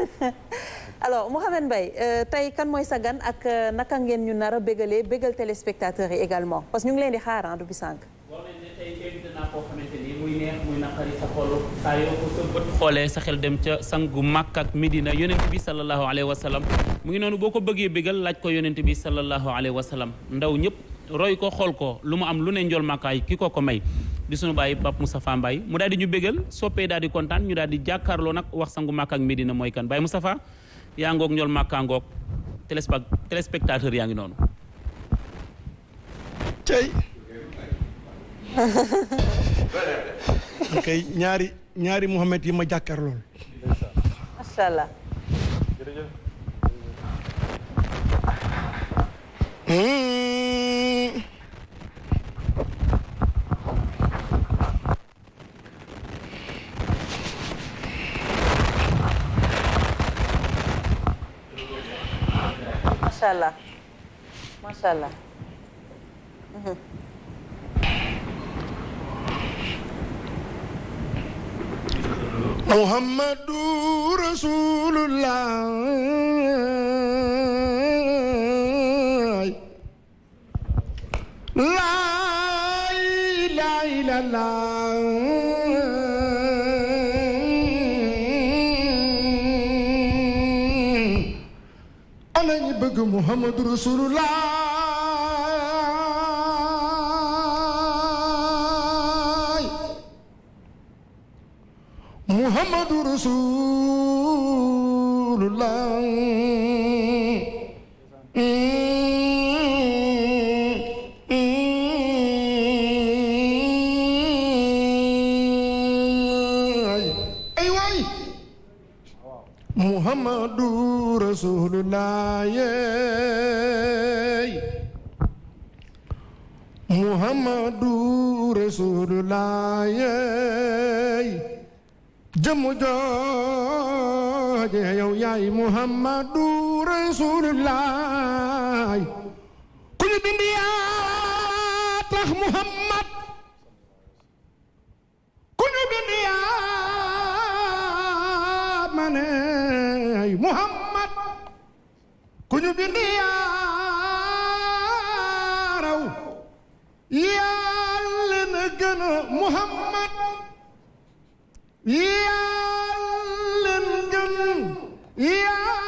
alors Mouhamed Mbaye euh, tey kan mooy sa gan ak euh, naka ngeen ñu nar a bégalee bégal téléspectateurs yi également parce que ñu ngi leen di xaar du bi sànq. ko sa bët xoolee sa xel dem ca sangu Makka ak Medina yonent bi sallallahu alayhi wa sallam mu ngi noonu boo ko bëggee bégal laaj ko yonent bi sallallahu alayhi wa sallam ndaw ñëpp roy ko xool ko lu mu am lu ne njool màkkaay ki ko ko may. di sunu bàyyi Pape Moustapha Mbaye mu daal di ñu bégal soppee daal di kontaan ñu daal di jàkkaarloo nag wax sangu Màkka ak Medina mooy kan Baye Moustapha yaa ngoog ñool Màkka ngoog téléspectateur yaa ngi noonu. tey. ñaari ñaari Mouhamed yi ma jàkkaarloo. macha macha allah macha allah. Mm-hmm. Muhammadu Rasulullah la ilaha illallah dëgg muhammadu rasulullah muhammadu rasulullah Muhammadu rasulullah yeey muhammadu rasulullah yeey jëmu jooje yow yaay muhammadu rasulullah ku ñu bind yaa tax muhammad ku ñu bind yaa raw yaa leen gën a Muhammad yaa leen gën yaa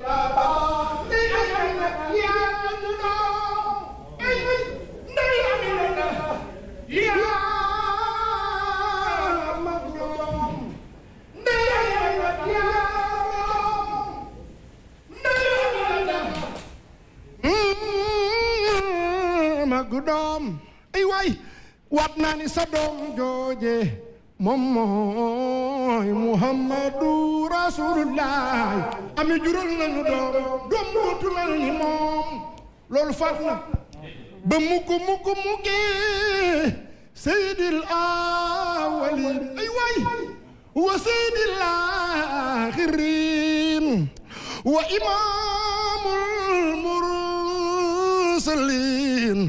Mmm, doom ay waay waat naa ni sa doom jooje moom mooy muhammadu rasulullahi ami jural nañu doom doom dootu mel ni moom loolu faat na ba mukk mukk mukkee seydil awalin ay waay wa seydil axirin wa imaamul mursalin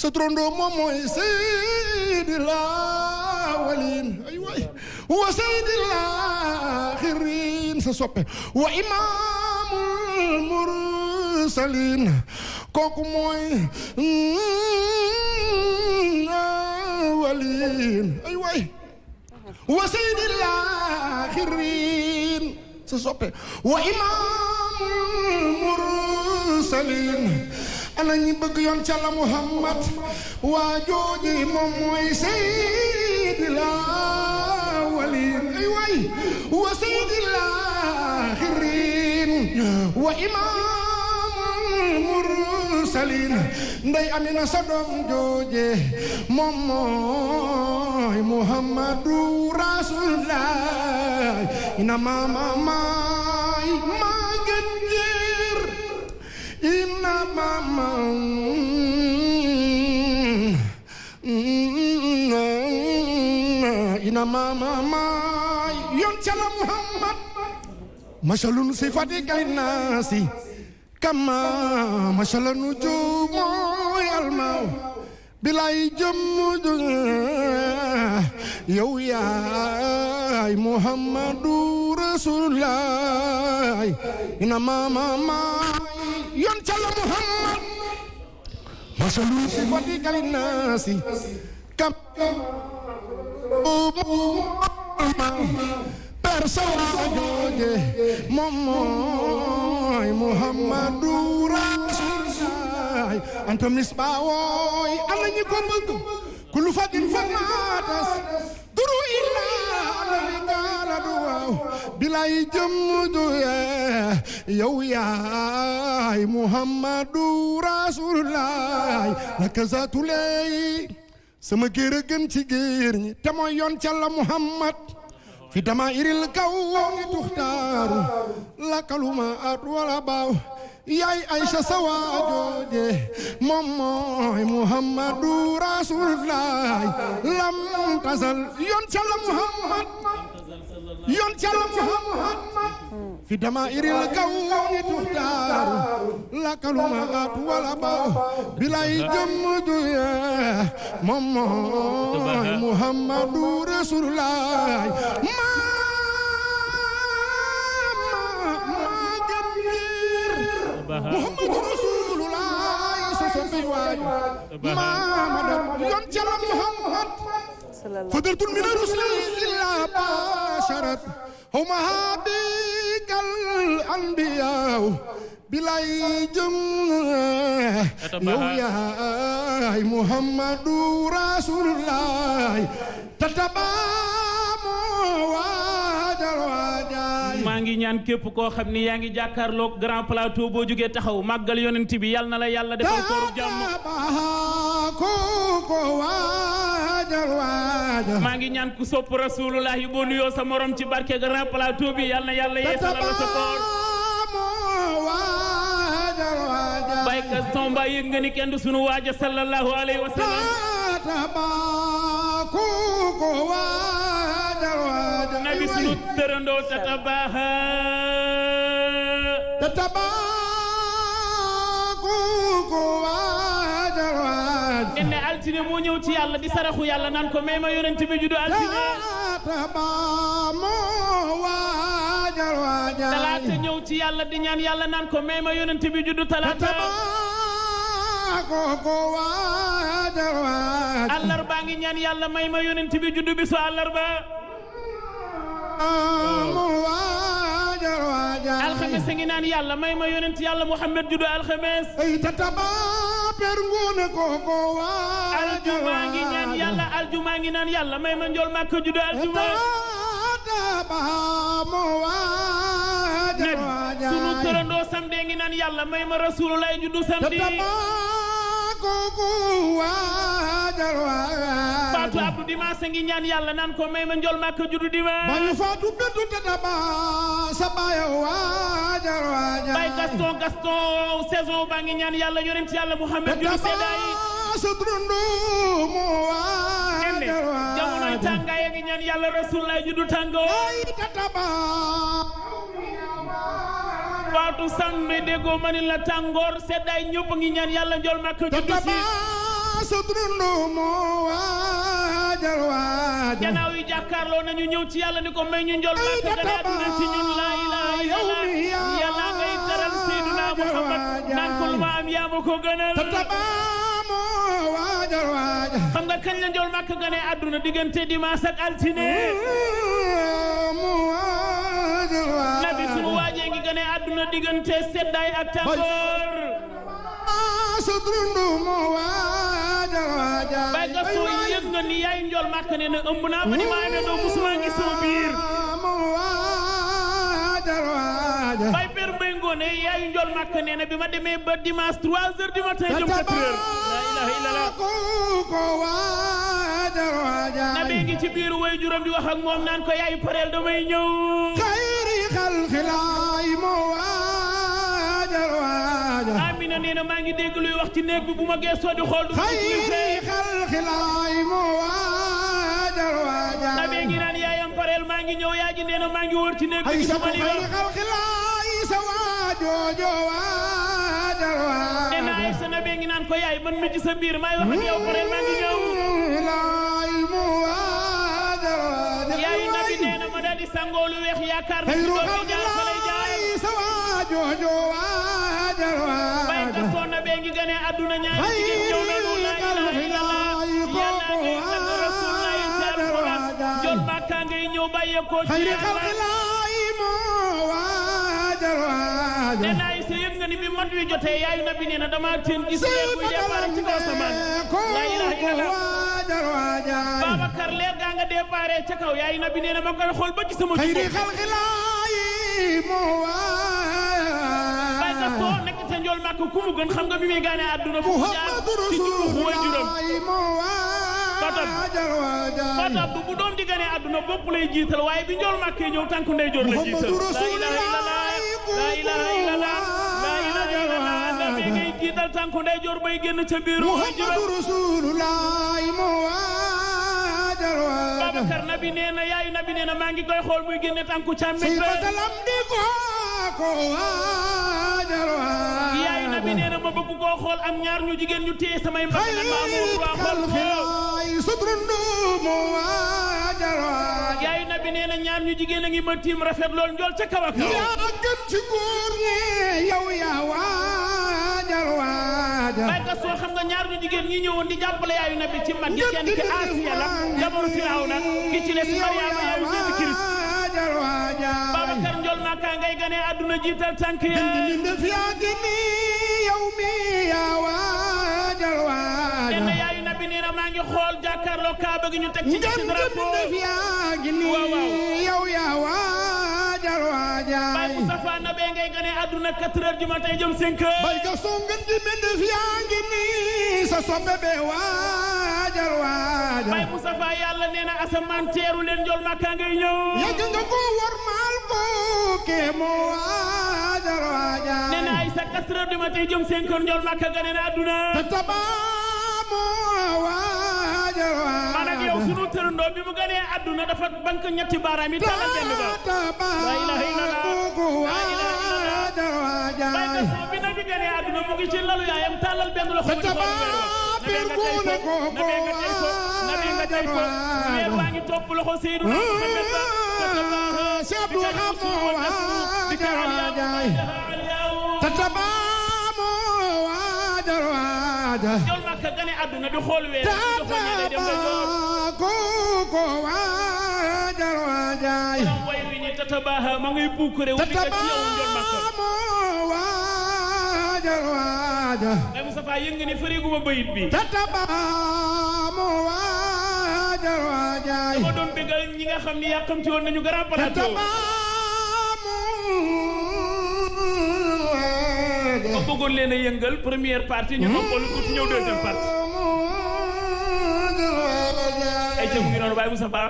sa trondoo moom mooy seydil الأولين أيوة وسيد الآخرين سسوبي وإمام المرسلين kooku mooy awwaliin ay waay wa sayyidil aaxiriin sa soppe wa imaamul mursaliin mm, ana ñi bëgg yoon ca la Muhammad waa jooji moom mooy sey سيدي الأولين أيوة وسيدي الآخرين وإمام المرسلين ndey amina sa doom jooje moom mooy muhammadu rasulullah ina mama maay maa gën jër ina mama maama maay yoon ca la Muhammad masalun sifati kay naasi kama masala nujuumu almaaw bilay jëmm ju yow yaay Muhammadu Rasulullaay ina maama maay yoon ca la Muhammad masalun sifati kay naasi kama buubu persawa jooje moom mooy muhammadu rasuulullaay anta misbaawooy am na ñi ko bëgg kullu fadin fa maatas duru illaa ana li gaala du waaw bilay jëmm du yow yaay muhammadu rasuulullaay laka zaatulay sama géer a gën ci géer ñi yoon ca la muhammad fi dama iril kaw ni tuxtaaru lakkaluma at wala baaw yaay aysa sawaajooje moom mooy muhammadu rasulullah lam tasal yoon ca muhammad يونت يا محمد في دمائر الكون تختار لك المغات والاباء بلا جمد يا محمد رسول الله محمد رسول الله سسبي واي ما مدد يونت يا محمد فضلت من رسل الله بشرت هم هاديك الأنبياء بلاي جملة يا محمد رسول الله تتبام واجر واجاي maa ngi ñaan képp koo xam ni yaa ngi jàkkaarloog grand plateau boo jógee taxaw màggal yonent bi yàlla na la yàlla defal kooru jàmm maa ngi ñaan ku sopp rasulullah yi boo nuyoo sa morom ci barke Grand Plateau bi yal na yàlla la sa koor Baye Gaston Mbaye kenn sunu waaja sallallahu alayhi wa sallam nabi sunu ngeen ne moo ñëw ci yàlla di saraxu yàlla naan ko may ma yonent bi juddu talaata ñëw ci yàlla di ñaan yàlla naan ko may ma yonent bi juddu talaata àllarbaa ngi ñaan yàlla may ma yonent bi juddu bi su àllarba ngi naan yàlla may ma yonent yàlla Muhammad juddu alxames per ngoone ngi ñaan yàlla aljuma ngi ñaan yàlla may ma njool màkk juddu aljuma taaba moo waaja waaja sunu tërëndoo samdee ngi ñaan yàlla may ma rasulullah juddu samdi ngi ñaan yàlla naan ko may ma njool màkk juddu dimaas ba faatu beddu te daba sa baaya waa bay Gaston Gaston saison baa ngi ñaan yàlla yonent yàlla Mouhamed yu seddaay ende jamonoy tàngaay a ngi ñaan yàlla Rasulullah ju du tàngoo faatu sang déggoo ma ni la tàngoor seddaay ñëpp ngi ñaan yàlla njool màkk ju du si waajal waajal gannaaw yi jàkkaarloo nañu ñëw ci yàlla ni ko may ñu njol màkk gannaaw dina ci ñun laa ilaaha illallaah yàlla ngay taral Seydina Muhammad naan ko lu ma am yaa ma ko gënal waajal waajal xam nga kañ la njol màkk diggante dimanche ak waajee ngi gane àdduna diggante seddaay ak tàngoor bay gas soo yëg nga ni yaay njool màkk ne na ëmb naa ma ni maa ne doo musuma gis sama biir bay ber mbay ngoone yaay njool màkk ne na bi ma demee ba dimanche trois heures du matin jëm quatre heures la na bee ngi ci biir way juróom di wax ak nee na maa ngi dégg luy wax ci néeg bi bu ma gëstoo di xool. du ma gis ngi naan yaayam pareel maa ngi ñëw yaa ji nee na maa ngi wër ci néeg bi. gis nga li nee naa ay sa nabee ngi naan ko yaay man mi ci sa biir maay wax ak yow pareel maa ngi ñëw. yaayu nabi nee na ma daal di sangoo lu weex yaakaar na ci doom bi jaar fa lay jaar. gi gane àdduna ñaari jigéen ñëw nañu la ilaha illallah yàlla ngi sant rasulullah ci alquran jot màkka ngay ñëw bàyyeekoo ci nee nga ni bi mat wi jotee yaayu nabi nee na dama teen gis leer buy départ ci kaw samaan la ilaha leer gaa nga départ ca kaw yaayu nabi nee na ma koy xool ba ci sama ñëwal màkk ku mu gën xam di gane àdduna bopp lay jiital waaye bi laa ilaaha illallah laa ilaaha bay génn ca biiru way juróom nabi nee na yaayu nabi nee na maa ngi koy xool muy génne tànku càmmiñ yaayu nabi nee na ma bëgg koo xool am ñaar ñu jigéen ñu téye samay mbagg nan ma bi waa nee na ñaar ñu jigéen a ngi ma tiim rafet lool njool ca kaw a kaw yaa nga ñaar ñu jigéen ñi ñëwoon di jàppale yaayu nabi ci mag gi kenn ki Asiya la jabaru Firawna ki ci les yaayu nabi Kirist Babacar Ndiol Maka ngay gane àdduna jiital tànk ya benn yaayu nabi nee na maa ngi xool jàkkaarloo Kaaba gi ñu ngay gane àdduna 4 heures du matin jëm ga soo ngeen yaa ngi sa soppe bee waa. waajal waajal bay Mustafa yàlla nee na asamaan teeru leen jol Makka ngay ñëw yàgg nga ko war maal ko kee moo waajal waajal nee na ay sa quatre heures du matin jëm seen kër jol Makka nga nee na adduna te tabaa moo waajal waajal maanaam yow sunu tërëndoo bi mu gënee adduna dafa bank ñetti baaraam yi tàllal benn ba la ilaha illallah bay bi na bi gënee adduna mu ngi ci lalu yaayam tàllal benn loxo tatabaha ma ngay puukare wu waajal waajal. Baye Moustapha yëg nga ne bayit bi. tatabaamu waajal waajaay. dama doon bégal ñi nga xam ni ci woon nañu grand plateau. ma bëggoon leen a yëngal première partie ñu noppal ko ci ñëw deuxième partie. ay jëm ngi noonu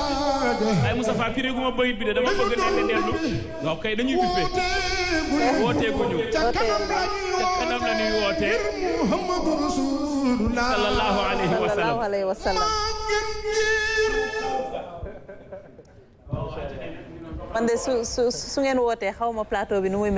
waaye Moustapha firé gu bi de dama bëgg nekk dellu waaw kay dañuy bippe wootee ñu ca kanam la ñuy wootee Muhammadu Rasulullah wa sallam man su ngeen wootee xaw ma plateau bi nu muy